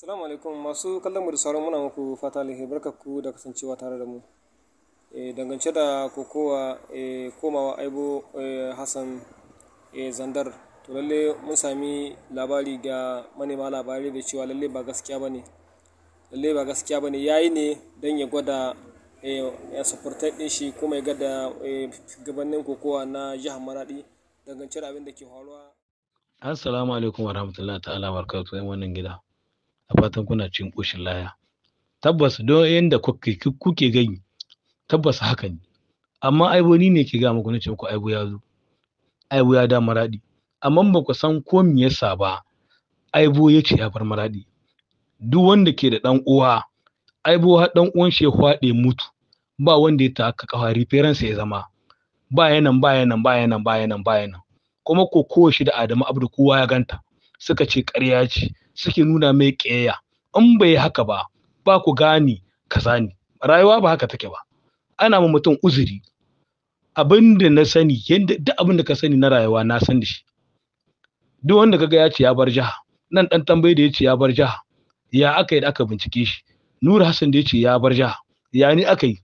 Assalamu alaikum masu kallon mu da sauran muna muku fata alheri barkaku da kasancewa tare da mu. E, dangance da kokowa e, komawa aibo e, Hassan Zandar to lalle mun sami labari ga manema labarai da cewa lalle ba gaskiya ba ne lalle ba gaskiya ba ne ya yi ne don ya gwada ya supportar din shi kuma ya gada gabanin kokowa na jihar maradi dangance da abin da ke faruwa assalamu alaikum warahmatullahi ta'ala barkatu wannan gida A fatan kuna cikin ƙoshin laya tabbas don yanda kuke gani tabbas haka ne amma aibo ni ne ke ga muku na ce muku aibo ya zo aibo ya da maradi amma ba ku san ko me yasa ba aibo ya ce ya bar maradi duk wanda ke da dan uwa aibo har dan uwan shi ya hwade mutu ba wanda ya taka kafa reference ya zama ba yanan ba yanan ba yanan ba yanan ba yanan kuma ko kowace da Adamu Abdu kowa ya ganta suka ce ƙarya ce suke nuna mai ƙeya in bai haka ba ba ku gani kaza ne rayuwa ba haka take ba ana ma mutum uzuri abin da na sani yadda duk abin da ka sani na rayuwa na san da shi duk wanda kaga ya ce ya bar jiha nan dan tambaye da ya ce ya bar jiha ya aka yi da aka bincike shi nura hassan da ya ce ya bar jiha ya ni aka yi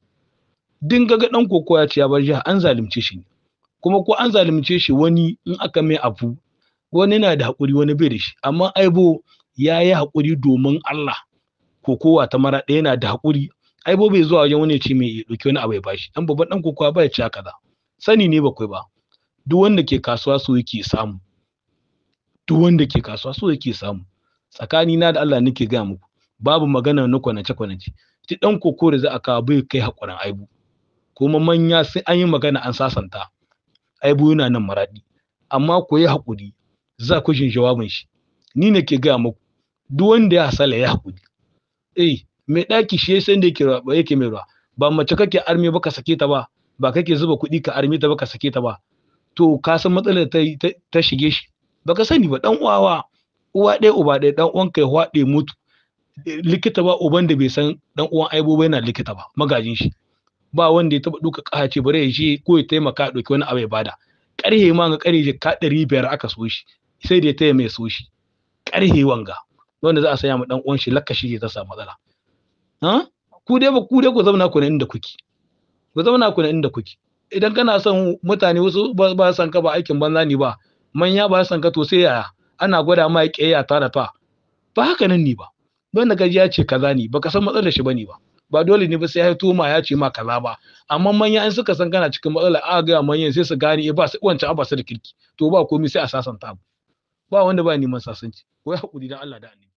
din gaga dan koko ya ce ya bar jiha an zalunce shi kuma ko an zalunce shi wani in aka mai abu wani na da haƙuri wani bai da shi amma aibo ya yi haƙuri domin Allah kokowa ta mara ɗaya na da haƙuri ai bai zuwa wajen wani ce mai ɗauki wani abu ya bashi dan babban ɗan kokowa ba ya ci kaza sani ne bakwai ba duk wanda ke kasuwa so yake samu duk wanda ke kasuwa so yake samu tsakani na da Allah nake gaya muku babu magana na kwanace kwanace ti ɗan koko da za a kawo bai kai haƙurin aibu kuma manya sai an yi magana an sasanta aibu yana nan maraɗi. amma ku hakuri, haƙuri za ku shi jawabin shi ni ne ke gaya muku duk wanda ya hasala ya haƙuri eh mai ɗaki shi san da yake mai ruwa ba mace kake armi ba ka sake ta ba ba kake zuba kuɗi ka arme ta ba ka sake ta ba to ka san matsalar ta, ta, shige shi baka sani ba dan uwawa uwa ɗaya uba ɗaya dan uwan kai hwaɗe mutu likita ba uban da bai san dan uwan aibo ba yana likita ba magajin shi ba wanda ya taba duka ce bare ya je ko ya taimaka ɗauki wani abu ya bada ƙarhe ma ga ƙarhe ka ɗari biyar aka so shi sai da ya taya mai so shi ƙarhe wanga wanda za a saya mu dan uwan shi lakashi zai samu matsala ha ku dai ba ku dai ku zauna ku ne inda kuke ku zauna ku ne inda kuke idan kana son mutane wasu ba san ka ba aikin banza ne ba manya ba san ka to sai yaya ana gwada ma ya kiyaya ta da ta ba haka nan ne ba wanda gaji ya ce kaza ne baka san matsalar shi bane ba ba dole ne ba sai ya hito ma ya ce ma kaza ba amma manya in suka san kana cikin matsala a ga manyan sai su gane eh, ba su wancan ba su da kirki to ba komai sai a sasanta ba. ba wanda ba neman sasanci ko ya haƙuri dan Allah da annabi